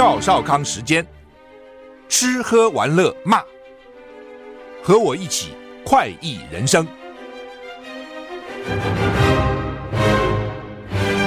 趙少康時間，吃喝玩樂罵，和我一起快意人生。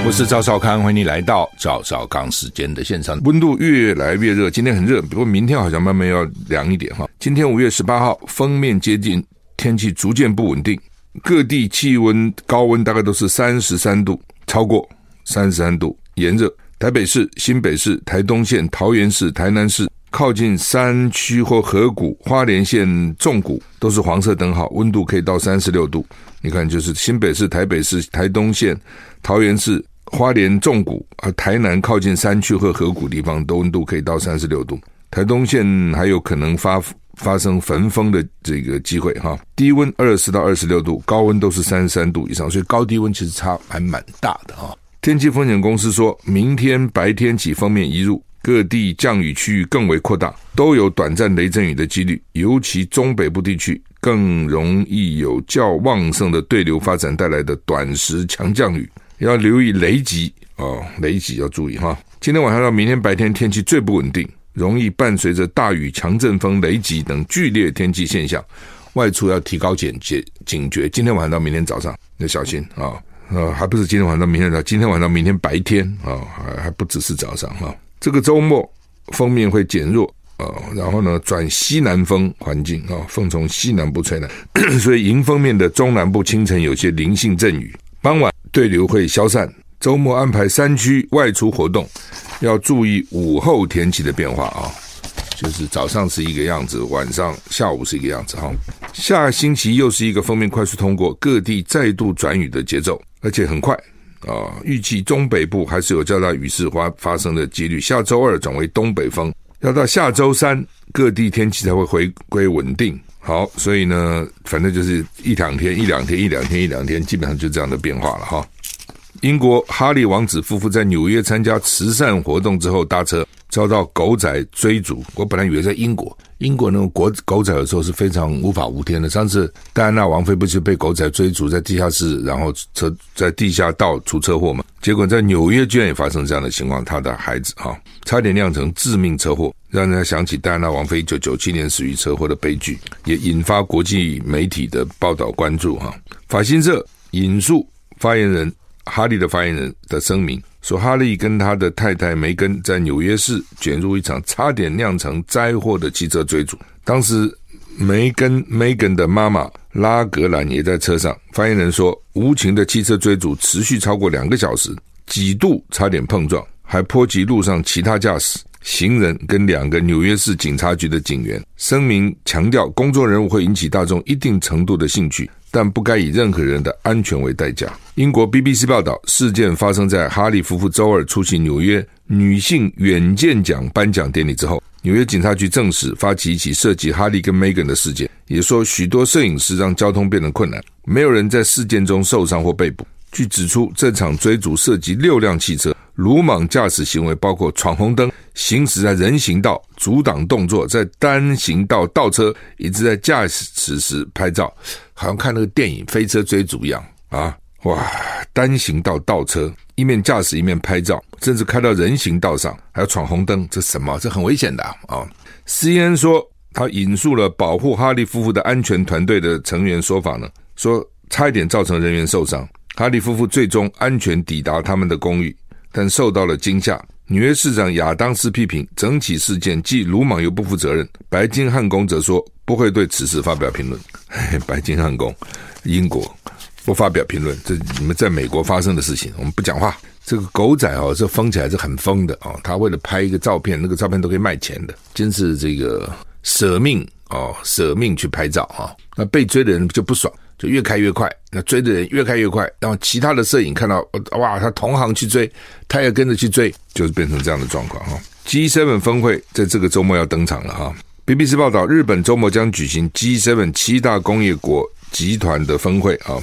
我是趙少康，歡迎你來到趙少康時間的現場。溫度越來越熱，今天很熱，不過明天好像慢慢要涼一點哈。今天五月十八號，鋒面接近，天氣逐漸不穩定，各地氣溫高溫，大概都是三十三度，超過三十三度，炎熱。台北市、新北市、台東縣、桃園市、台南市靠近山區或河谷，花蓮縣縱谷都是黃色燈號，溫度可以到三十六度。你看，就是新北市、台北市、台東縣、桃園市、花蓮縱谷啊，台南靠近山區或河谷的地方的溫度可以到三十六度。台東縣還有可能發發生焚風的這個機會哈。低溫二十到二十六度，高溫都是三十三度以上，所以高低溫其實差還蠻大的哈。天氣風險公司說，明天白天起鋒面移入，各地降雨區域更為擴大，都有短暫雷陣雨的幾率，尤其中北部地區更容易有較旺盛的對流發展帶來的短時強降雨，要留意雷擊哦，雷擊要注意哈。今天晚上到明天白天天氣最不穩定，容易伴隨着大雨、強陣風、雷擊等劇烈天氣現象，外出要提高警戒警覺。今天晚上到明天早上要小心啊、哦。呃、哦，還不是今天晚上，明天早，今天晚上，明天白天啊、哦，還還不只是早上哈、哦。這個周末鋒面會減弱啊、哦，然後呢轉西南風環境啊、哦，風從西南部吹來， 所以迎風面的中南部清晨有些零星陣雨，傍晚對流會消散。周末安排山區外出活動，要注意午後天氣的變化啊、哦。就是早上是一個樣子，晚上下午是一個樣子哈、哦。下星期又是一個鋒面快速通過，各地再度轉雨的節奏。而且很快啊，預計中北部還是有較大雨勢發發生的幾率。下周二轉為東北風，要到下周三各地天氣才會回歸穩定。好，所以呢，反正就是一兩天、一兩天、一兩天、一兩天，一兩天基本上就這樣的變化了哈。英國哈利王子夫婦在紐約參加慈善活動之後，搭車遭到狗仔追逐。我本來以為在英國，英國那種國狗仔有時候是非常無法無天的。上次戴安娜王妃不是被狗仔追逐，在地下室，然後車在地下道出車禍嗎？結果在紐約居然也發生這樣的情況，他的孩子哈，差點釀成致命車禍，讓人家想起戴安娜王妃一九九七年死於車禍的悲劇，也引發國際媒體的報道關注。哈，法新社引述發言人，哈利的發言人的聲明說：“哈利跟他的太太梅根在紐約市捲入一場差點釀成災禍的汽車追逐。當時，梅根梅根的媽媽拉格蘭也在車上。發言人說，無情的汽車追逐持續超過兩個小時，幾度差點碰撞，還波及路上其他駕駛、行人跟兩個紐約市警察局的警員。”聲明強調，公眾人物會引起大眾一定程度的興趣。但不該以任何人的安全為代價。英國 BBC 報道，事件發生在哈利夫婦周二出席紐約女性遠見獎頒獎典禮之後。紐約警察局證實，發起一起涉及哈利跟梅根的事件，也說許多攝影師讓交通變得困難。沒有人在事件中受傷或被捕。據指出，這場追逐涉及六輛汽車。魯莽駕駛行為包括闖紅燈、行駛在人行道、阻擋動作、在單行道倒車，以及在駕駛時拍照，好像看那個電影《飛車追逐》一樣啊！哇，單行道倒車，一面駕駛一面拍照，甚至開到人行道上，還要闖紅燈，這什麼？這很危險的啊！CNN 說，他引述了保護哈利夫婦的安全團隊的成員說法呢，說差一點造成人員受傷，哈利夫婦最終安全抵達他們的公寓。但受到了驚嚇，紐約市長亞當斯批評整起事件既魯莽又不負責任。白金漢宮則說不會對此事發表評論。嘿嘿，白金漢宮，英國不發表評論，這你們在美國發生的事情，我們不講話。這個狗仔哦，這瘋起來是很瘋的哦，他為了拍一個照片，那個照片都可以賣錢的，真是這個捨命哦，捨命去拍照啊、哦。那被追的人就不爽。就越開越快，那追的人越開越快，然後其他的攝影看到，哇，他同行去追，他也跟着去追，就是變成這樣的狀況哈。G7 峰會在這個周末要登場了哈。BBC 報道，日本周末將舉行 G7 七大工業國集團的峰會啊，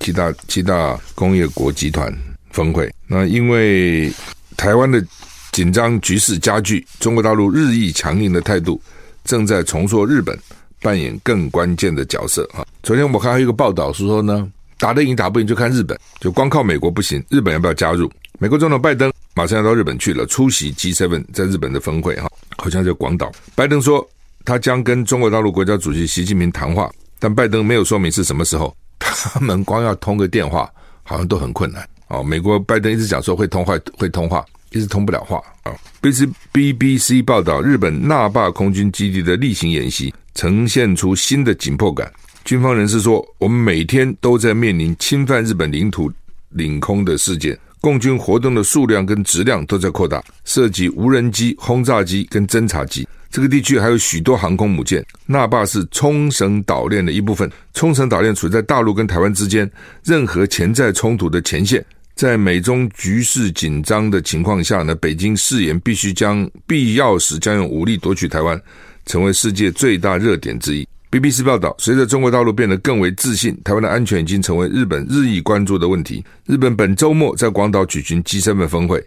七大七大工業國集團峰會。那因為台灣的緊張局勢加劇，中國大陸日益強硬的態度，正在重塑日本，扮演更關鍵的角色啊！昨天我們看到一個報道，是說呢，打得贏打不贏就看日本，就光靠美國不行，日本要不要加入？美國總統拜登馬上要到日本去了，出席 G7 在日本的峰會哈，好像在廣島。拜登說他將跟中國大陸國家主席習近平談話，但拜登沒有說明是什麼時候。他們光要通個電話，好像都很困難哦。美國拜登一直講說會通話會通話，一直通不了話啊。BBC，BBC 報道，日本那霸空軍基地的例行演習。呈現出新的緊迫感。軍方人士說：“我們每天都在面臨侵犯日本領土、領空的事件。共軍活動的數量跟質量都在擴大，涉及無人機、轟炸機跟偵察機。這個地區還有許多航空母艦。那霸是沖繩島鏈的一部分，沖繩島鏈處在大陸跟台灣之間，任何潛在衝突的前線。在美中局勢緊張的情況下呢，北京誓言必須將必要時將用武力奪取台灣。”成為世界最大熱點之一。BBC 報道，隨着中國大陸變得更為自信，台灣的安全已經成為日本日益關注的問題。日本本周末在廣島舉行 G7 峰會，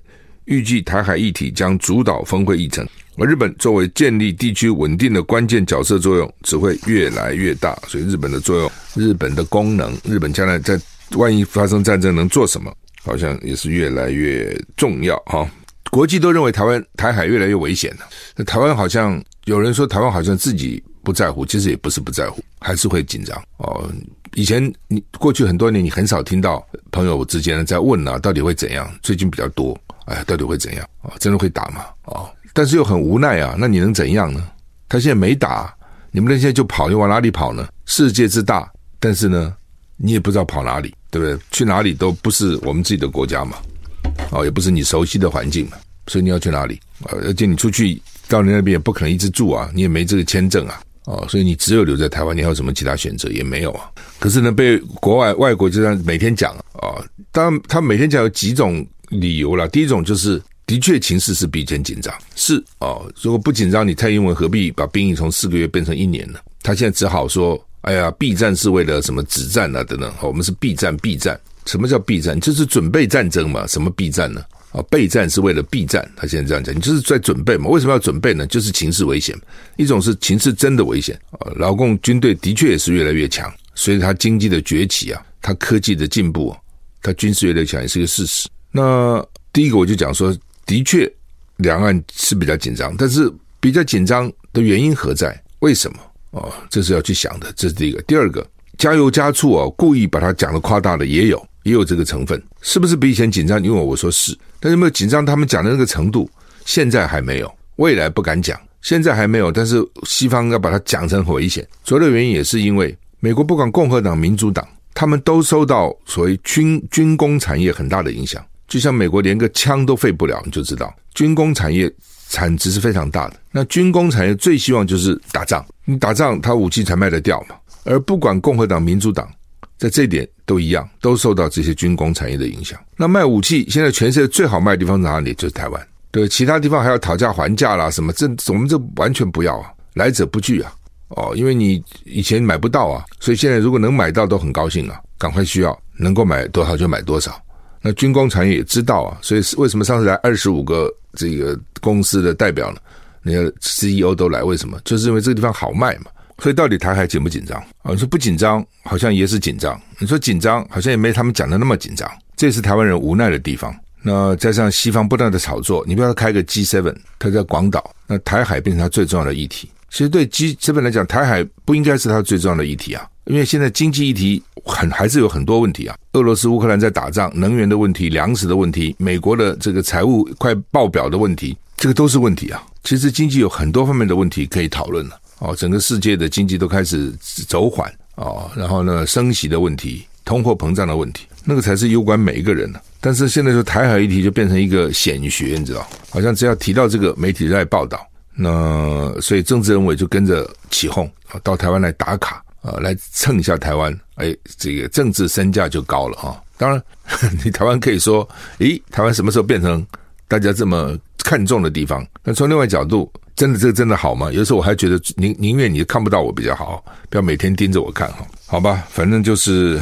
預計台海議題將主導峰會議程。而日本作為建立地區穩定的關鍵角色作用，只會越來越大。所以，日本的作用、日本的功能、日本將來在萬一發生戰爭能做什麼，好像也是越來越重要哈。國際都認為台灣台海越來越危險了，那台灣好像有人說台灣好像自己不在乎，其實也不是不在乎，還是會緊張哦。以前你過去很多年，你很少聽到朋友之間在問啊，到底會怎樣？最近比較多，哎，到底會怎樣啊？哦，真的會打嗎？哦。但是又很無奈啊，那你能怎樣呢？他現在沒打，你們人現在就跑，又往哪裡跑呢？世界之大，但是呢，你也不知道跑哪裡，對不對？去哪裡都不是我們自己的國家嘛。哦，也不是你熟悉的環境嘛，所以你要去哪裡？而且你出去到你那邊也不可能一直住啊，你也沒這個簽證啊，哦，所以你只有留在台灣，你還有什麼其他選擇也沒有啊。可是呢，被國外外國就這樣每天講啊、哦，當然他每天講有幾種理由了。第一種就是的確情勢是比較緊張，是哦，如果不緊張，你蔡英文何必把兵役從四個月變成一年呢？他現在只好說，哎呀，避戰是為了什麼止戰啊等等。哦、我們是避戰，避戰。什麼叫備戰？就是準備戰爭嘛。什麼備戰呢？啊、哦，備戰是為了避戰。他現在這樣講，你就是在準備嘛。為什麼要準備呢？就是情勢危險。一種是情勢真的危險啊、哦。老共軍隊的確也是越來越強，所以他經濟的崛起啊，他科技的進步、啊，他軍事越來越強也是個事實。那第一個我就講說，的確兩岸是比較緊張，但是比較緊張的原因何在？為什麼啊、哦？這是要去想的，這是第一個。第二個，加油加醋啊，故意把它講的誇大了，也有。也有這個成分，是不是比以前緊張？你問我，我說是，但是沒有緊張他們講的那個程度，現在還沒有，未來不敢講，現在還沒有。但是西方要把它講成很危險，主要的原因也是因為美國不管共和黨、民主黨，他們都受到所謂軍軍工產業很大的影響。就像美國連個槍都廢不了，你就知道軍工產業產值是非常大的。那軍工產業最希望就是打仗，你打仗他武器才賣得掉嘛。而不管共和黨、民主黨。在這一點都一樣，都受到這些軍工產業的影響。那賣武器，現在全世界最好賣的地方在哪裡？就是台灣。對，其他地方還要討價還價啦，什麼？這我們這完全不要啊，來者不拒啊。哦，因為你以前買不到啊，所以現在如果能買到，都很高興啊，趕快需要，能夠買多少就買多少。那軍工產業也知道啊，所以為什麼上次來二十五個這個公司的代表呢？那個 CEO 都來，為什麼？就是因為這個地方好賣嘛。所以，到底台海緊不緊張？啊，你說不緊張，好像也是緊張；你說緊張，好像也沒他們講的那麼緊張。這也是台灣人無奈的地方。那加上西方不斷的炒作，你不要開個 G seven，他在廣島，那台海變成他最重要的議題。其實對 G seven 來講，台海不應該是他最重要的議題啊，因為現在經濟議題很還是有很多問題啊。俄羅斯、烏克蘭在打仗，能源的問題、糧食的問題，美國的這個財務快爆表的問題，這個都是問題啊。其實經濟有很多方面的問題可以討論了、啊。哦，整個世界的經濟都開始走緩啊、哦，然後呢，升息的問題、通貨膨脹的問題，那個才是攸關每一個人呢、啊。但是現在就台海議題就變成一個顯學，你知道？好像只要提到這個，媒體在報道，那所以政治人物就跟着起哄，到台灣來打卡啊、呃，來蹭一下台灣，哎，這個政治身價就高了啊、哦。當然，你台灣可以說，咦，台灣什麼時候變成大家這麼看重的地方？那從另外角度。真的這個真的好嗎？有時候我還覺得寧寧願你看不到我比較好，不要每天盯着我看，好吧？反正就是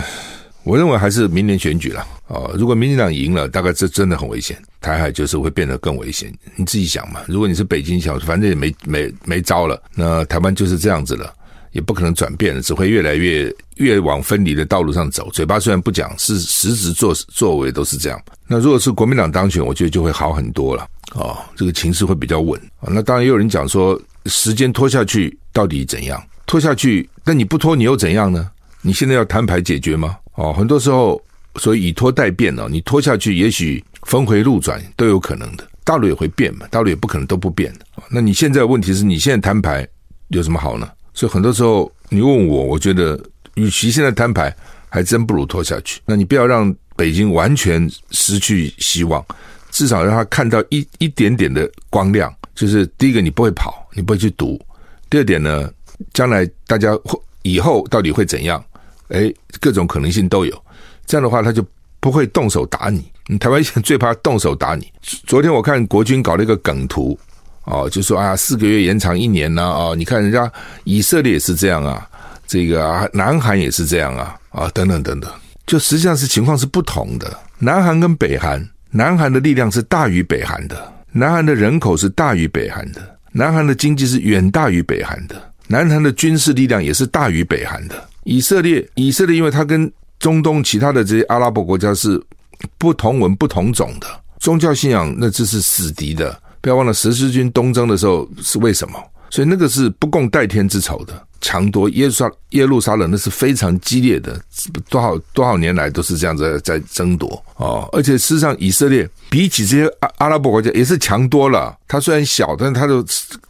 我認為還是明年選舉了哦。如果民進黨贏了，大概這真的很危險，台海就是會變得更危險。你自己想嘛。如果你是北京小，反正也沒沒沒招了，那台灣就是這樣子了，也不可能轉變了，只會越來越越往分離的道路上走。嘴巴雖然不講，是實質作作為都是這樣。那如果是國民黨當選，我覺得就會好很多了。哦，這個情勢會比較穩啊、哦。那當然，也有人講說，時間拖下去到底怎樣？拖下去，那你不拖，你又怎樣呢？你現在要攤牌解決嗎？哦，很多時候，所以以拖待變哦，你拖下去，也許峰迴路轉都有可能的。大陸也會變嘛，大陸也不可能都不變、哦。那你現在的問題是你現在攤牌有什麼好呢？所以很多時候，你問我，我覺得，與其現在攤牌，還真不如拖下去。那你不要讓北京完全失去希望。至少讓他看到一一點點的光亮，就是第一個，你不會跑，你不會去賭，第二點呢，將來大家會，以後到底會怎樣？哎，各種可能性都有。這樣的話，他就不會動手打你，你。台灣最怕動手打你。昨天我看國軍搞了一個梗圖，哦，就說啊，四個月延長一年呢，啊、哦，你看人家以色列也是這樣啊，這個啊，南韓也是這樣啊，啊，等等等等，就實際上是情況是不同的。南韓跟北韓。南韓的力量是大於北韓的，南韓的人口是大於北韓的，南韓的經濟是遠大於北韓的，南韓的軍事力量也是大於北韓的。以色列，以色列，因為它跟中東其他的這些阿拉伯國家是不同文不同種的，宗教信仰，那這是死敵的。不要忘了十字軍東征的時候是為什麼？所以那個是不共戴天之仇的。強奪耶路撒耶路撒冷，那是非常激烈的，多少多少年來都是這樣子在，在爭奪哦，而且事實上，以色列比起這些阿阿拉伯國家也是強多了。它雖然小，但是它的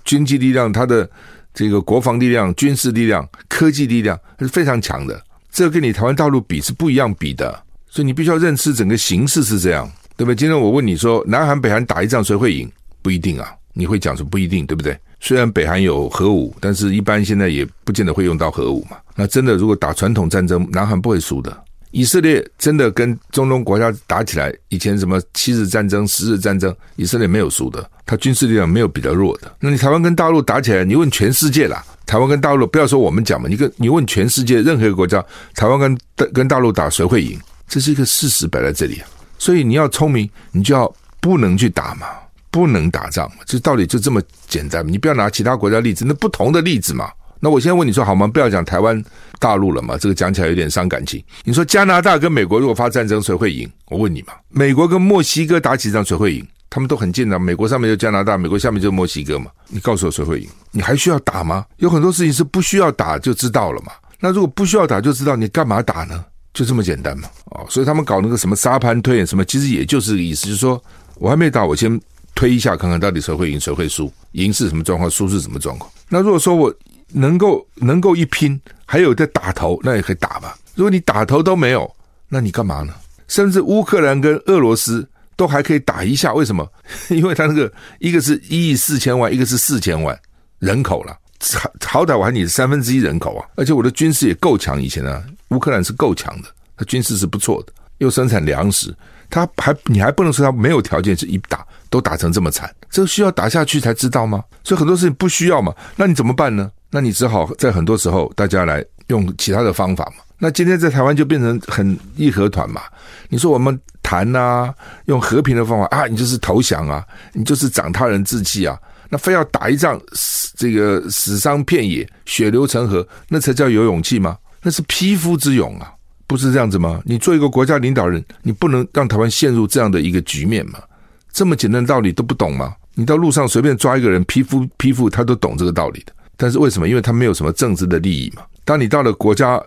經濟力量、它的這個國防力量、軍事力量、科技力量是非常強的。這跟你台灣大陸比是不一樣比的，所以你必須要認識整個形勢是這樣，對不對？今天我問你說，南韓北韓打一仗誰會贏？不一定啊！你會講說不一定，對不對？雖然北韓有核武，但是一般現在也不見得會用到核武嘛。那真的如果打傳統戰爭，南韓不會輸的。以色列真的跟中東國家打起來，以前什麼七日戰爭、十日戰爭，以色列沒有輸的，他軍事力量沒有比較弱的。那你台灣跟大陸打起來，你問全世界啦，台灣跟大陸不要說我們講嘛，你跟你問全世界任何一個國家，台灣跟跟大陸打誰會贏？這是一個事實擺在這裡啊，所以你要聰明，你就要不能去打嘛。不能打仗，這道理就這麼簡單。你不要拿其他國家例子，那不同的例子嘛。那我現在問你說好嗎？不要講台灣、大陸了嘛，這個講起來有點傷感情。你說加拿大跟美國如果發戰爭，誰會贏？我問你嘛。美國跟墨西哥打幾仗，誰會贏？他們都很近的啊，美國上面就加拿大，美國下面就墨西哥嘛。你告訴我誰會贏？你還需要打嗎？有很多事情是不需要打就知道了嘛。那如果不需要打就知道，你幹嘛打呢？就這麼簡單嘛。哦，所以他們搞那個什麼沙盤推演什麼，其實也就是個意思，就是說我還沒打，我先。推一下，看看到底誰會贏，誰會輸？贏是什麼狀況？輸是什麼狀況？那如果說我能夠能夠一拼，還有在打頭，那也可以打吧。如果你打頭都沒有，那你幹嘛呢？甚至烏克蘭跟俄羅斯都還可以打一下，為什麼？因為他那個一個是一億四千萬，一個是四千萬人口了，好，好歹我還有你的三分之一人口啊，而且我的軍事也夠強。以前呢、啊，烏克蘭是夠強的，他軍事是不錯的，又生產糧食，他還你還不能說他沒有條件是一打。都打成這麼慘，這個需要打下去才知道嗎？所以很多事情不需要嘛。那你怎麼辦呢？那你只好在很多時候大家來用其他的方法嘛。那今天在台灣就變成很義和團嘛。你說我們談啊，用和平的方法啊，你就是投降啊，你就是長他人志氣啊。那非要打一仗，這個死傷遍野，血流成河，那才叫有勇氣嗎？那是匹夫之勇啊，不是這樣子嗎？你做一個國家領導人，你不能讓台灣陷入這樣的一個局面嘛。這麼簡單的道理都不懂嗎？你到路上隨便抓一個人，匹夫匹夫，他都懂這個道理的。但是為什麼？因為他沒有什麼政治的利益嘛。當你到了國家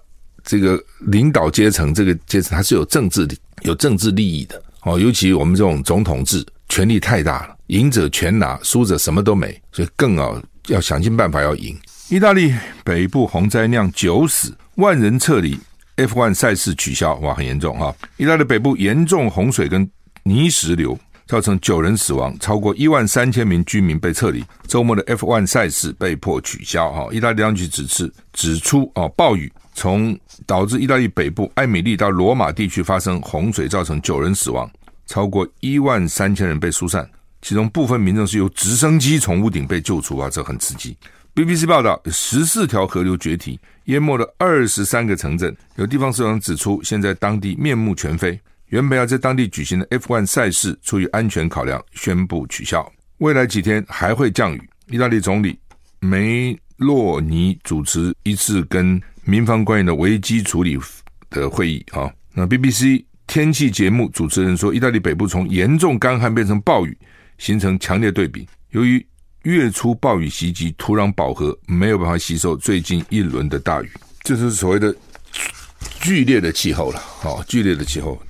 這個領導階層這個階層，他是有政治有政治利益的。哦，尤其我們這種總統制，權力太大了，贏者全拿，輸者什麼都沒，所以更、哦、要要想盡辦法要贏。意大利北部洪災釀九死萬人撤離，F1 賽事取消，哇，很嚴重哈、哦。意大利北部嚴重洪水跟泥石流。造成九人死亡，超過一萬三千名居民被撤離。週末的 F1 賽事被迫取消。哈，意大利當局指示指出，哦，暴雨從導致意大利北部艾米利到羅馬地區發生洪水，造成九人死亡，超過一萬三千人被疏散，其中部分民眾是由直升機從屋頂被救出啊，這很刺激。BBC 報道，十四條河流決堤，淹沒了二十三個城鎮。有地方市長指出，現在當地面目全非。原本要在當地舉行的 F1 賽事，出於安全考量，宣布取消。未來幾天還會降雨。意大利總理梅洛尼主持一次跟民防官員的危機處理的會議。哈、哦，那 BBC 天氣節目主持人說，意大利北部從嚴重乾旱變成暴雨，形成強烈對比。由於月初暴雨襲擊，土壤飽和，沒有辦法吸收最近一輪的大雨，這就是所謂的劇烈的氣候了。好、哦，劇烈的氣候。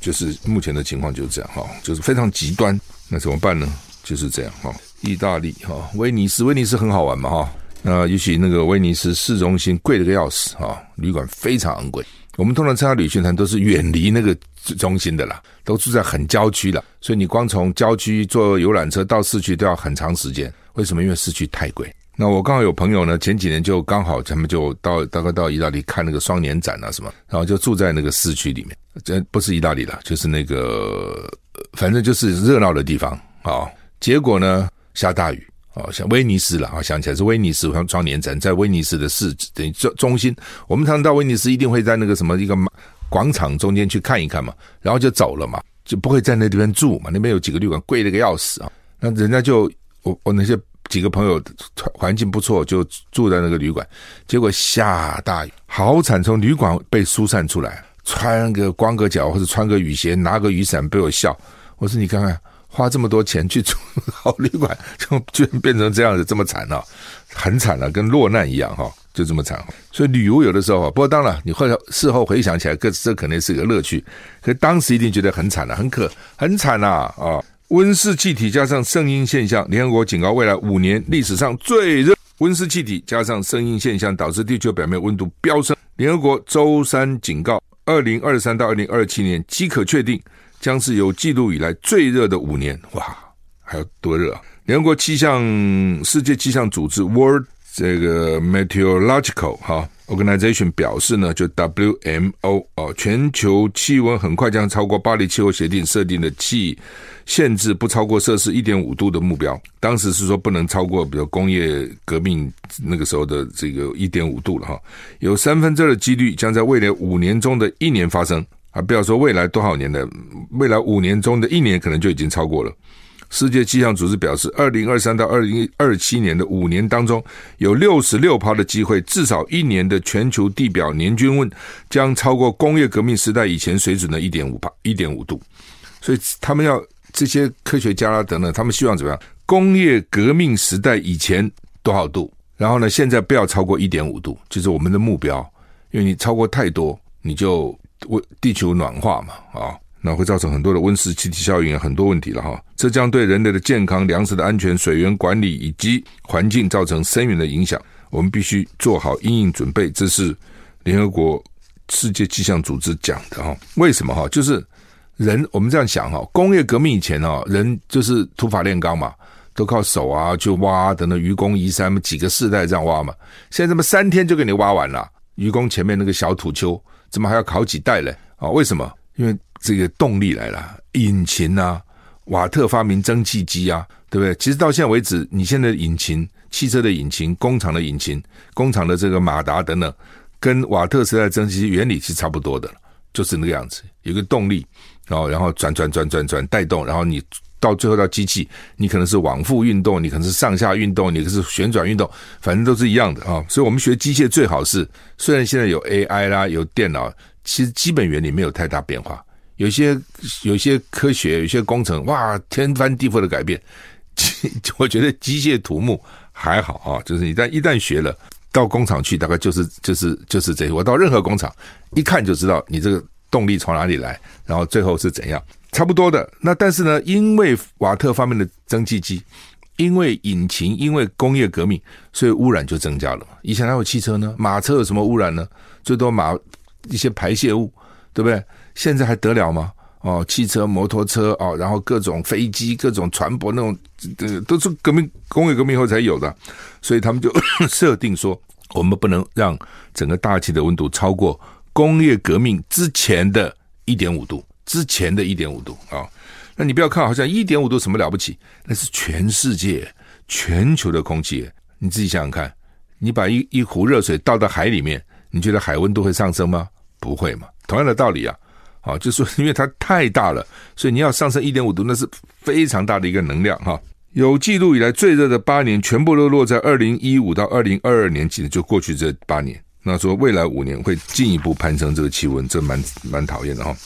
就是目前的情況就是這樣哈，就是非常極端，那怎麼辦呢？就是這樣哈，意大利哈，威尼斯，威尼斯很好玩嘛哈，那尤其那個威尼斯市中心貴的個要死啊，旅館非常昂貴，我們通常參加旅行團都是遠離那個中心的啦，都住在很郊區啦，所以你光從郊區坐遊覽車到市區都要很長時間，為什麼？因為市區太貴。那我剛好有朋友呢，前幾年就剛好他們就到大概到，到意大利看那個雙年展啊什麼，然後就住在那個市區裡面，這不是意大利了，就是那個反正就是熱鬧的地方啊。結果呢下大雨啊、哦，像威尼斯了啊，想起來是威尼斯好像年展在威尼斯的市等於中中心。我們常到威尼斯一定會在那個什麼一個廣場中間去看一看嘛，然後就走了嘛，就不會在那地方住嘛，那邊有幾個旅館貴的個要死啊。那人家就我我那些。幾個朋友，環境不錯，就住在那個旅館。結果下大雨，好慘！從旅館被疏散出來，穿個光個腳或者穿個雨鞋，拿個雨傘被我笑。我說：“你看看，花這麼多錢去住好旅館，就居然變成這樣子，這麼慘啊，很慘了、啊，跟落難一樣哈、啊，就這麼慘。所以旅遊有的時候，不過當然，你會事後回想起來，這這肯定是個樂趣。可是當時一定覺得很慘了、啊，很可，很慘吶啊，啊！”溫室氣體加上聖嬰現象，聯合國警告未來五年歷史上最熱。溫室氣體加上聖嬰現象導致地球表面溫度飆升。聯合國周三警告，二零二三到二零二七年即可確定將是有記錄以來最熱的五年。哇，還有多熱啊？聯合國氣象世界氣象組織 World 這個 Meteorological 哈。Organization 表示呢，就 WMO 哦，全球氣溫很快將超過巴黎氣候協定設定的氣限制不超過攝氏一點五度的目標。當時是說不能超過，比如工業革命那個時候的這個一點五度了哈。有三分之二的幾率將在未來五年中的一年發生啊，不要說未來多少年的，未來五年中的一年可能就已經超過了。世界氣象組織表示，二零二三到二零二七年的五年當中，有六十六趴的機會，至少一年的全球地表年均溫將超過工業革命時代以前水準的一點五趴、一點五度。所以，他們要這些科學家啦等等，他們希望怎麼樣？工業革命時代以前多少度？然後呢，現在不要超過一點五度，就是我們的目標。因為你超過太多，你就為地球暖化嘛，啊、哦。那會造成很多的溫室氣體效應，很多問題了哈。這將對人類的健康、糧食的安全、水源管理以及環境造成深遠的影響。我們必須做好因應準備。這是聯合國世界氣象組織講的哈。為什麼哈？就是人我們這樣想哈。工業革命以前呢，人就是土法煉鋼嘛，都靠手啊，去挖，等等愚公移山，幾個世代這樣挖嘛。現在怎麼三天就給你挖完了？愚公前面那個小土丘怎麼還要好幾代嘞？啊，為什麼？因為這個動力來了，引擎啊，瓦特發明蒸汽機啊，對不對？其實到現在為止，你現在引擎、汽車的引擎、工廠的引擎、工廠的這個馬達等等，跟瓦特時代蒸汽機原理是差不多的，就是那個樣子，有個動力，然後然後轉轉轉轉轉轉帶動，然後你到最後到機器，你可能是往復運動，你可能是上下運動，你可能是旋轉運動，反正都是一樣的啊。所以，我們學機械最好是，雖然現在有 AI 啦，有電腦，其實基本原理沒有太大變化。有些有些科學，有些工程，哇，天翻地覆的改變。 我覺得機械土木還好啊，就是你但一旦學了，到工廠去，大概就是就是就是這些。我到任何工廠一看就知道，你這個動力從哪裡來，然後最後是怎樣，差不多的。那但是呢，因為瓦特方面的蒸汽機，因為引擎，因為工業革命，所以污染就增加了嘛。以前哪有汽車呢？馬車有什麼污染呢？最多馬一些排泄物，對不對？現在還得了嗎？哦，汽車、摩托車哦，然後各種飛機、各種船舶，那種、呃、都是革命工業革命以後才有的，所以他們就呵呵設定說，我們不能讓整個大氣的溫度超過工業革命之前的一點五度，之前的一點五度啊、哦。那你不要看，好像一點五度什麼了不起，那是全世界全球的空氣。你自己想想看，你把一一壺熱水倒到海裡面，你覺得海溫度會上升嗎？不會嘛。同樣的道理啊。啊，就是說因為它太大了，所以你要上升一點五度，那是非常大的一個能量哈。有記錄以來最熱的八年，全部都落在二零一五到二零二二年，記得就過去這八年。那說未來五年會進一步攀升這個氣溫，這蠻蠻討厭的哈。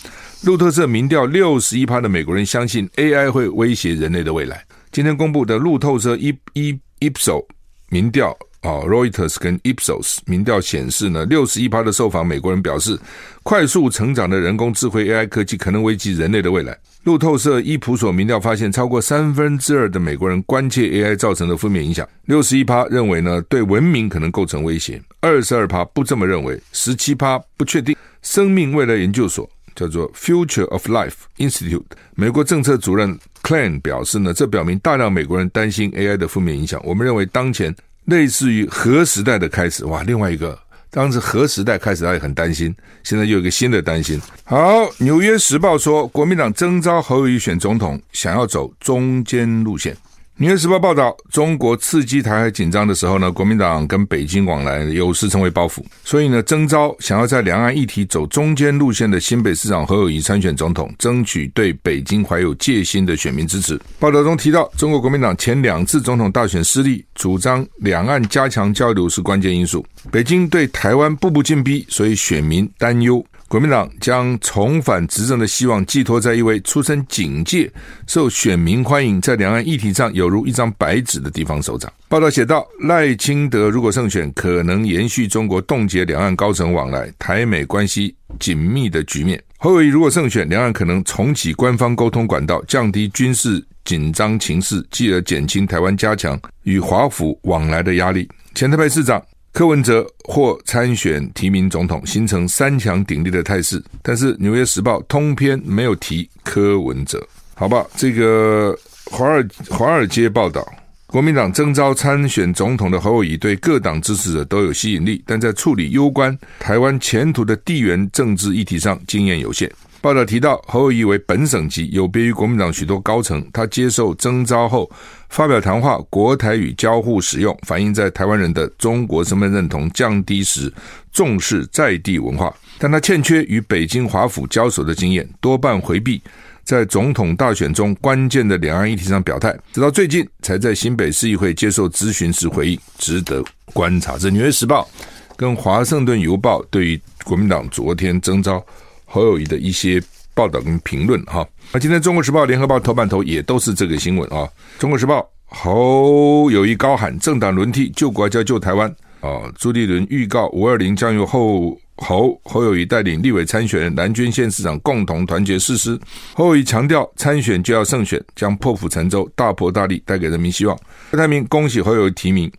路透社民調，六十一趴的美國人相信 AI 會威脅人類的未來。今天公布的路透社一一 Ipsos 民調。啊、oh, Reuters 跟 Ipsos 民調顯示呢，六十一趴的受訪美國人表示，快速成長的人工智慧 AI 科技可能危及人類的未來。路透社伊普所民調發現，超過三分之二的美國人關切 AI 造成的負面影響。六十一趴認為呢，對文明可能構成威脅。二十二趴不這麼認為，十七趴不確定。生命未來研究所叫做 Future of Life Institute，美國政策主任 Clan 表示呢，這表明大量美國人擔心 AI 的負面影響。我們認為當前。類似於核時代的開始，哇！另外一個，當時核時代開始，他也很擔心。現在又有一個新的擔心。好，《紐約時報》說，國民黨徵召侯友宜選總統，想要走中間路線。《紐約時報》報道，中國刺激台海緊張的時候呢，國民黨跟北京往來有時成為包袱，所以呢，徵召想要在兩岸議題走中間路線的新北市長侯友宜參選總統，爭取對北京懷有戒心的選民支持。報道中提到，中國國民黨前兩次總統大選失利，主張兩岸加強交流是關鍵因素，北京對台灣步步進逼，所以選民擔憂。國民黨將重返執政的希望寄托在一位出身警界、受選民歡迎、在兩岸議題上有如一張白紙的地方首長。報道寫道：賴清德如果勝選，可能延續中國凍結兩岸高層往來、台美關係緊密的局面；侯友宜如果勝選，兩岸可能重啟官方溝通管道，降低軍事緊張情勢，繼而減輕台灣加強與華府往來的壓力。前臺北市長。柯文哲或參選提名總統，形成三強鼎立的態勢。但是《紐約時報》通篇沒有提柯文哲。好吧，這個《華爾華爾街》報道，國民黨徵召參選總統的侯友宜對各黨支持者都有吸引力，但在處理攸關台灣前途的地緣政治議題上經驗有限。報道提到，侯友宜為本省籍，有別於國民黨許多高層，他接受徵召後。發表談話，國台語交互使用反映在台灣人的中國身份認同降低時，重視在地文化，但他欠缺與北京華府交手的經驗，多半回避在總統大選中關鍵的兩岸議題上表態，直到最近才在新北市議會接受質詢時回應，值得觀察。這《紐約時報》跟《華盛頓郵報》對於國民黨昨天徵召侯友宜的一些。報道跟評論哈，那今天《中國時報》《聯合報》頭版頭也都是這個新聞啊，《中國時報》侯友宜高喊政黨輪替救國家救台灣啊，朱立倫預告五二零將由侯侯侯友宜帶領立委參選人南軍縣市長共同團結誓師，侯友宜強調參選就要勝選，將破釜沉舟，大破大立，帶給人民希望。郭台銘恭喜侯友宜提名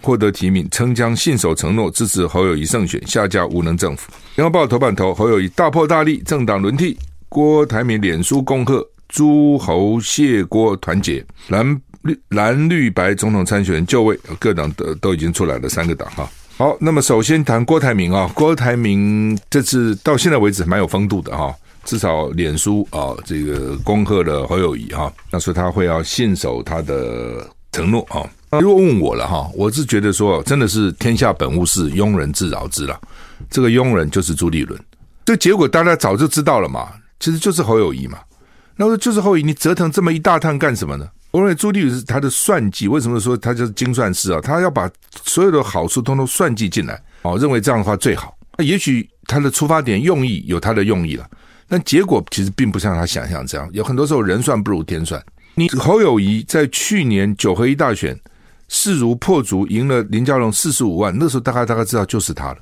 獲得提名，稱將信守承諾支持侯友宜勝選，下架無能政府。《聯合報》頭版頭侯友宜大破大立，政黨輪替。郭台銘臉書恭賀諸侯謝郭團結藍綠藍綠白總統參選就位，各黨都都已經出來了三個黨哈。好，那麼首先談郭台銘啊，郭台銘這次到現在為止蠻有風度的哈，至少臉書啊這個恭賀了侯友宜哈，他說他會要信守他的承諾啊。如果問我了哈，我是覺得說真的是天下本無事，庸人自擾之了。這個庸人就是朱立倫，這結果大家早就知道了嘛。其實就是侯友宜嘛，那我說就是侯友宜，你折騰這麼一大趟幹什麼呢？我認為朱立倫是他的算計，為什麼說他就是精算師啊？他要把所有的好處通通算計進來啊、哦，認為這樣的話最好。那也許他的出發點、用意有他的用意了，但結果其實並不像他想象這樣。有很多時候人算不如天算。你侯友宜在去年九合一大選勢如破竹，贏了林佳龍四十五萬，那時候大概大概知道就是他了。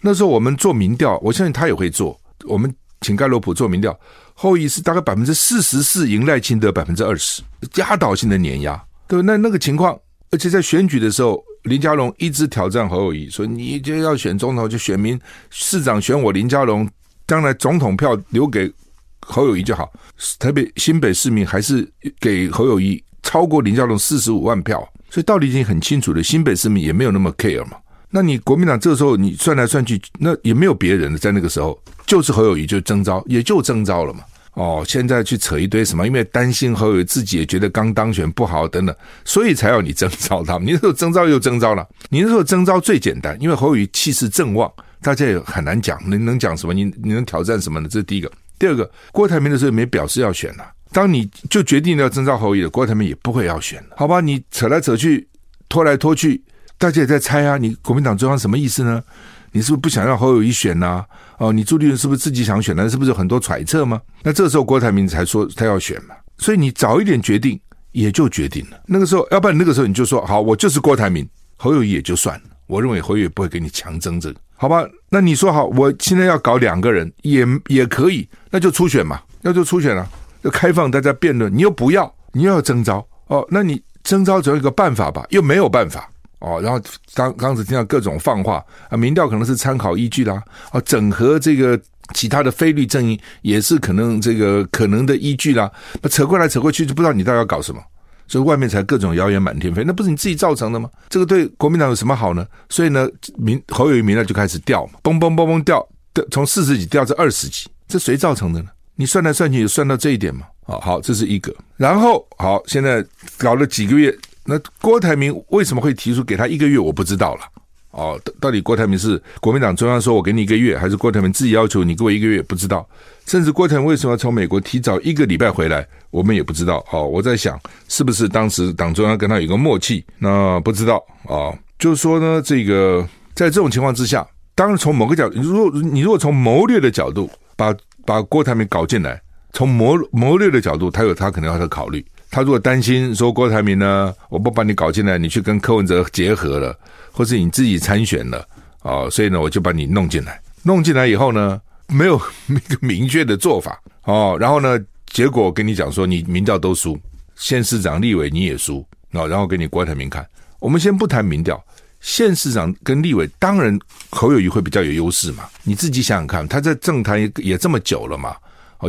那時候我們做民調，我相信他也會做我們。請蓋洛普做民調，侯友宜是大概百分之四十四贏賴清德百分之二十，壓倒性的碾壓，對，對那那個情況，而且在選舉的時候，林佳龍一直挑戰侯友宜，說，你就要選總統，就選民市長選我林佳龍，將來總統票留給侯友宜就好。特別新北市民還是給侯友宜超過林佳龍四十五萬票，所以道理已經很清楚了。新北市民也沒有那麼 care 嘛。那你國民黨這個時候你算來算去，那也沒有別人了，在那個時候就是侯友宜就徵召，也就徵召了嘛。哦，現在去扯一堆什麼，因為擔心侯友宜自己也覺得剛當選不好等等，所以才要你徵召他們。你那時候徵召又徵召了，你那時候徵召最簡單，因為侯友宜氣勢正旺，大家也很難講，你能講什麼？你你能挑戰什麼呢？這是第一個。第二個，郭台銘的時候也沒表示要選了啊，當你就決定要徵召侯友宜，郭台銘也不會要選。好吧？你扯來扯去，拖來拖去。大家也在猜啊，你國民黨中央什麼意思呢？你是不是不想讓侯友宜選呢、啊？哦，你朱立倫是不是自己想選呢、啊？是不是有很多揣測嗎？那這個時候郭台銘才說他要選嘛，所以你早一點決定也就決定了。那個時候，要不然那個時候你就說好，我就是郭台銘，侯友宜也就算了。我認為侯友宜不會給你強徵這個，好吧？那你說好，我現在要搞兩個人也也可以，那就初選嘛，那就初選了、啊，要開放大家辯論。你又不要，你又要徵召哦？那你徵召總有個辦法吧？又沒有辦法。哦，然後剛剛才聽到各種放話啊，民調可能是參考依據啦，啊，整合這個其他的非綠陣營也是可能這個可能的依據啦，那扯過來扯過去就不知道你到底要搞什麼，所以外面才各種謠言滿天飛，那不是你自己造成的嗎？這個對國民黨有什麼好呢？所以呢，民侯友宜民調就開始掉嘛，嘣嘣嘣嘣掉，從四十幾掉至二十幾，這誰造成的呢？你算來算去也算到這一點嘛？啊，好，這是一個，然後好，現在搞了幾個月。那郭台銘為什麼會提出給他一個月？我不知道了。哦，到底郭台銘是國民黨中央說我給你一個月，還是郭台銘自己要求你給我一個月？不知道。甚至郭台銘為什麼要從美國提早一個禮拜回來，我們也不知道。哦，我在想，是不是當時黨中央跟他有個默契？那不知道。哦，就是說呢，這個在這種情況之下，當然從某個角度，如果你如果從謀略的角度把把郭台銘搞進來，從謀謀略的角度，他有他可能要的考慮。他如果擔心說郭台銘呢，我不把你搞進來，你去跟柯文哲結合了，或是你自己參選了，啊、哦，所以呢，我就把你弄進來。弄進來以後呢，沒有一個明確的做法，哦，然後呢，結果我跟你講說，你民調都輸，縣市長、立委你也輸，哦，然後給你郭台銘看。我們先不談民調，縣市長跟立委當然侯友宜會比較有優勢嘛，你自己想想看，他在政壇也，也這麼久了嘛。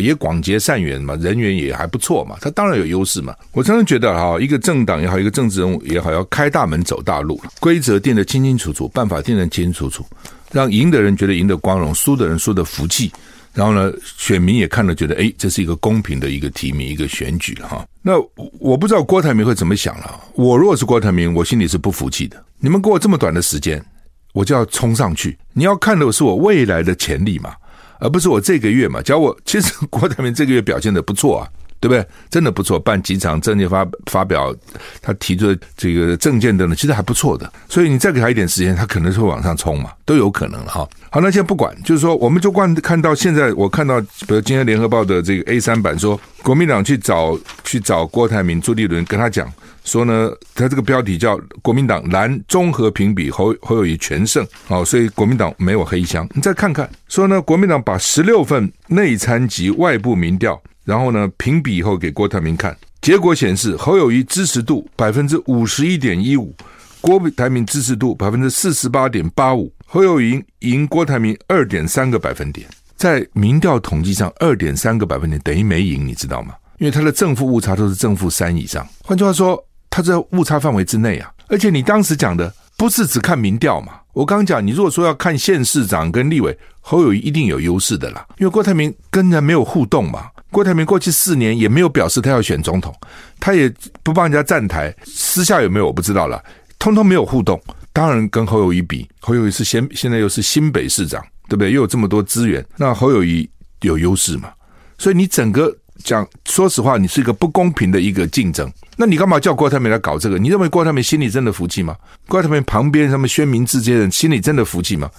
也廣結善緣嘛，人緣也還不錯嘛，他當然有優勢嘛。我常常覺得哈，一個政黨也好，一個政治人物也好，要開大門走大路，規則定得清清楚楚，辦法定得清清楚楚，讓贏的人覺得贏得光榮，輸的人輸得服氣。然後呢，選民也看了覺得，哎、欸，這是一個公平的一個提名，一個選舉哈。那我不知道郭台銘會怎麼想了、啊。我如果是郭台銘，我心裡是不服氣的。你們給我這麼短的時間，我就要衝上去。你要看的是我未來的潛力嘛。而不是我這個月嘛，只要我其實郭台銘這個月表現的不錯啊。對不對？真的不錯，辦幾場政見發發表，他提出的這個政見的呢，其實還不錯的。所以你再給他一點時間，他可能是會往上衝嘛，都有可能哈、哦。好，那現在不管，就是說，我們就觀看到現在，我看到比如今天聯合報的這個 A 三版說，國民黨去找去找郭台銘、朱立倫跟他講說呢，他這個標題叫“國民黨藍綜合評比侯侯友宜全勝”，好、哦，所以國民黨沒有黑箱。你再看看說呢，國民黨把十六份內參及外部民調。然後呢，評比以後，給郭台銘看，結果顯示侯友宜支持度百分之五十一點一五，郭台銘支持度百分之四十八點八五，侯友宜贏郭台銘二點三個百分點。在民調統計上，二點三個百分點等於沒贏，你知道嗎？因為他的正負誤差都是正負三以上。換句話說，他在誤差範圍之內啊。而且你當時講的不是只看民調嘛？我剛剛講，你如果說要看縣市長跟立委，侯友宜一定有優勢的啦，因為郭台銘跟人沒有互動嘛。郭台銘過去四年也沒有表示他要選總統，他也不幫人家站台，私下有沒有我不知道了，通通沒有互動。當然跟侯友宜比，侯友宜是先，現在又是新北市長，對不對？又有這麼多資源，那侯友宜有優勢嘛？所以你整個講，說實話，你是一個不公平的一個競爭。那你干嘛叫郭台銘來搞這個？你認為郭台銘心裡真的服氣嗎？郭台銘旁邊他們宣明智這些人心裡真的服氣嗎？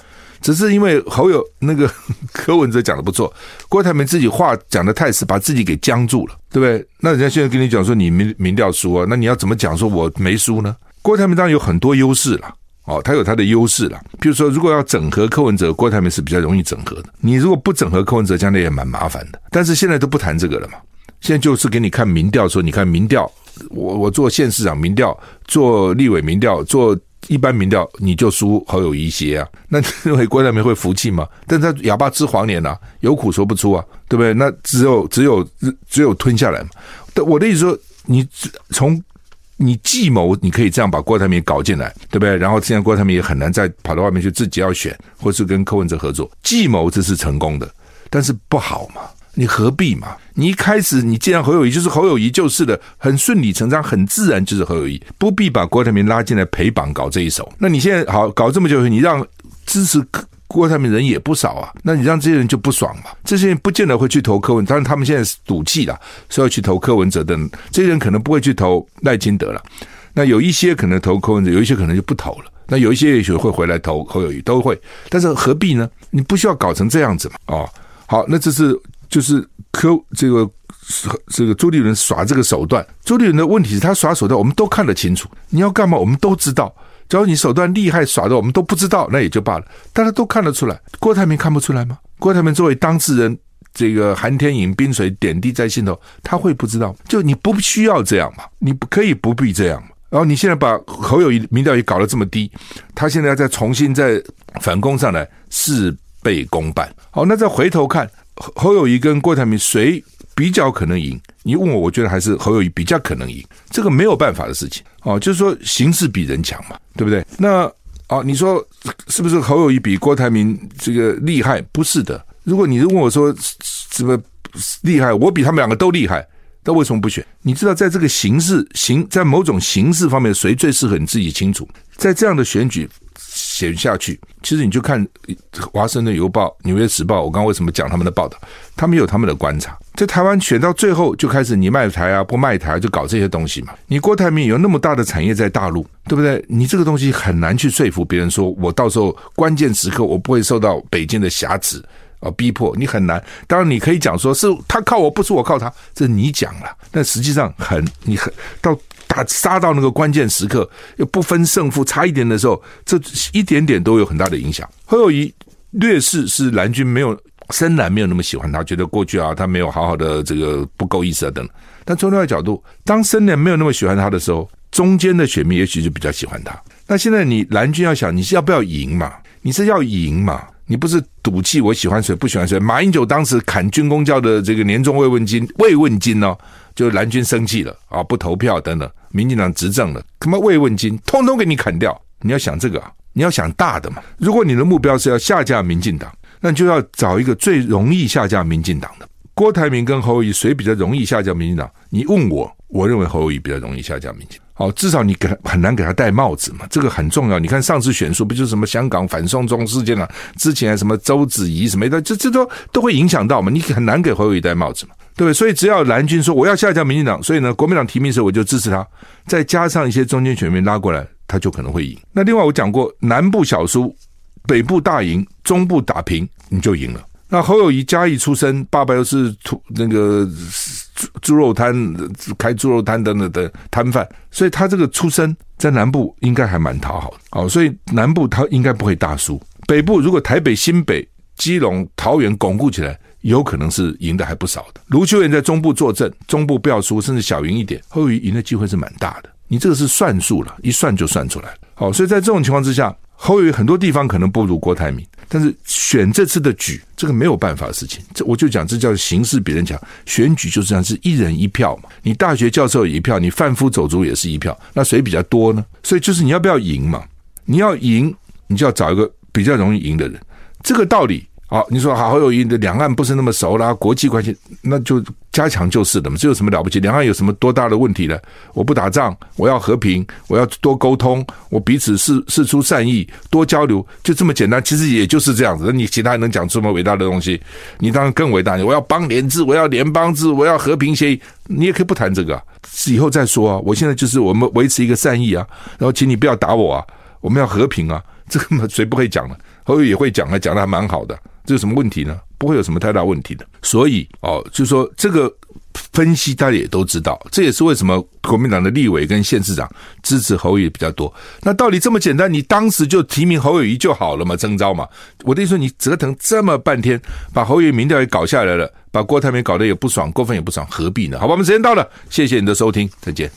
只是因為侯友那個柯文哲講的不錯，郭台銘自己話講的太死，把自己給僵住了，對不對？那人家現在跟你講說你民民調輸啊，那你要怎麼講說我沒輸呢？郭台銘當然有很多優勢了，哦，他有他的優勢了。譬如說，如果要整合柯文哲，郭台銘是比較容易整合的。你如果不整合柯文哲，將來也蠻麻煩的。但是現在都不談這個了嘛，現在就是給你看民調，說你看民調，我我做縣市長民調，做立委民調，做。一般民調你就輸好有一些啊，那認為郭台銘會服氣嗎？但他啞巴吃黃連吶，有苦說不出啊，對不對？那只有只有只有吞下來嘛。我的意思說，你從你計謀，你可以這樣把郭台銘搞進來，對不對？然後現在郭台銘也很難再跑到外面去自己要選，或是跟柯文哲合作，計謀這是成功的，但是不好嘛，你何必嘛？你一開始你見，你既然侯友宜就是，侯友宜就是的，很順理成章，很自然就是侯友宜，不必把郭台銘拉進來陪綁搞這一手。那你現在好搞這麼久，你讓支持郭台銘人也不少啊，那你讓這些人就不爽嘛。這些人不見得會去投柯文，但是他們現在賭氣了，說要去投柯文哲的人。這些人可能不會去投賴清德了，那有一些可能投柯文哲，有一些可能就不投了。那有一些也許會回來投侯友宜，都會。但是何必呢？你不需要搞成這樣子嘛。哦，好，那這是。就是科，這個這個朱立倫耍這個手段，朱立倫的問題是他耍手段，我們都看得清楚。你要幹嘛，我們都知道。只要你手段厲害，耍的我們都不知道，那也就罷了。大家都看得出來，郭台銘看不出來嗎？郭台銘作為當事人，這個寒天飲冰水點滴在心頭，他會不知道？就你不需要這樣嘛，你不可以不必這樣嘛。然後你現在把侯友宜民調也搞得這麼低，他現在要再重新再反攻上來，事倍功半。好，那再回頭看。侯侯友誼跟郭台銘誰比較可能贏？你問我，我覺得還是侯友誼比較可能贏。這個沒有辦法的事情哦，就是說形勢比人強嘛，對不對？那哦，你說是不是侯友誼比郭台銘這個厲害？不是的。如果你是問我說怎麼厲害，我比他們兩個都厲害，那為什麼不選？你知道在這個形式形在某種形式方面誰最適合你自己清楚。在這樣的選舉。寫下去，其實你就看《華盛頓郵報》《紐約時報》，我剛剛為什麼講他們的報道？他們有他們的觀察。在台灣選到最後，就開始你賣台啊，不賣台啊就搞這些東西嘛。你郭台銘有那麼大的產業在大陸，對不對？你這個東西很難去說服別人，說我到時候關鍵時刻我不會受到北京的挾持啊逼迫，你很難。當然你可以講說是他靠我不是我靠他，這是你講了，但實際上很你很到。他殺到那個關鍵時刻，又不分勝負，差一點的時候，這一點點都有很大的影響。侯友宜劣勢是藍軍沒有，深藍沒有那麼喜歡他，覺得過去啊他沒有好好的這個不夠意思啊等等。但從另外角度，當深藍沒有那麼喜歡他的時候，中間的選民也許就比較喜歡他。那現在你藍軍要想，你是要不要贏嘛？你是要贏嘛？你不是賭氣？我喜歡誰不喜歡誰？馬英九當時砍軍公教的這個年終慰問金，慰問金呢、哦，就藍軍生氣了啊，不投票等等。民進黨執政了，他媽慰問金通通給你砍掉。你要想這個啊，你要想大的嘛。如果你的目標是要下架民進黨，那就要找一個最容易下架民進黨的。郭台銘跟侯友宜誰比較容易下架民進黨？你問我，我認為侯友宜比較容易下架民進黨。哦，至少你給他很難給他戴帽子嘛，這個很重要。你看上次選書不就是什麼香港反送中事件啊？之前什麼周子瑜什麼，這這都都會影響到嘛。你很難給侯友宜戴帽子嘛，對不對？所以只要藍軍說，我要下架民進黨，所以呢，國民黨提名時候我就支持他，再加上一些中間選民拉過來，他就可能會贏。那另外我講過，南部小輸，北部大贏，中部打平，你就贏了。那侯友宜嘉義出生，爸爸又是土，那個豬豬肉攤、開豬肉攤等等的攤販，所以他這個出生在南部應該還蠻討好的。哦，所以南部他應該不會大輸。北部如果台北、新北、基隆、桃園鞏固起來，有可能是贏的還不少的。盧秀燕在中部坐鎮，中部不要輸，甚至小贏一點，侯友宜贏的機會是蠻大的。你這個是算數了，一算就算出來了。好，所以在這種情況之下。侯友宜很多地方可能不如郭台銘，但是選這次的舉這個沒有辦法的事情，這我就講這叫形勢比人強。選舉就是這樣，是一人一票嘛。你大學教授一票，你販夫走卒也是一票，那誰比較多呢？所以就是你要不要贏嘛？你要贏，你就要找一個比較容易贏的人。這個道理啊，你說侯友宜的兩岸不是那麼熟啦，國際關係那就。加強就是的嘛，這有什麼了不起？兩岸有什麼多大的問題呢？我不打仗，我要和平，我要多溝通，我彼此是釋出善意，多交流，就這麼簡單。其實也就是這樣子。你其他能講這麼偉大的東西？你當然更偉大。我要邦聯制，我要聯邦制，我要和平協議，你也可以不談這個，以後再說啊。我現在就是我們維持一個善意啊，然後請你不要打我啊，我們要和平啊，這個嘛誰不會講呢、啊？侯友宜也會講啊，講得還蠻好的。這有什麼問題呢？不會有什麼太大問題的。所以哦，就說這個分析，大家也都知道。這也是為什麼國民黨的立委跟縣市長支持侯友宜比較多。那道理這麼簡單，你當時就提名侯友宜就好了嘛，徵召嘛。我的意思說，你折騰這麼半天，把侯友宜民調也搞下來了，把郭台銘搞得也不爽，郭粉也不爽，何必呢？好吧，我們時間到了，謝謝你的收聽，再見。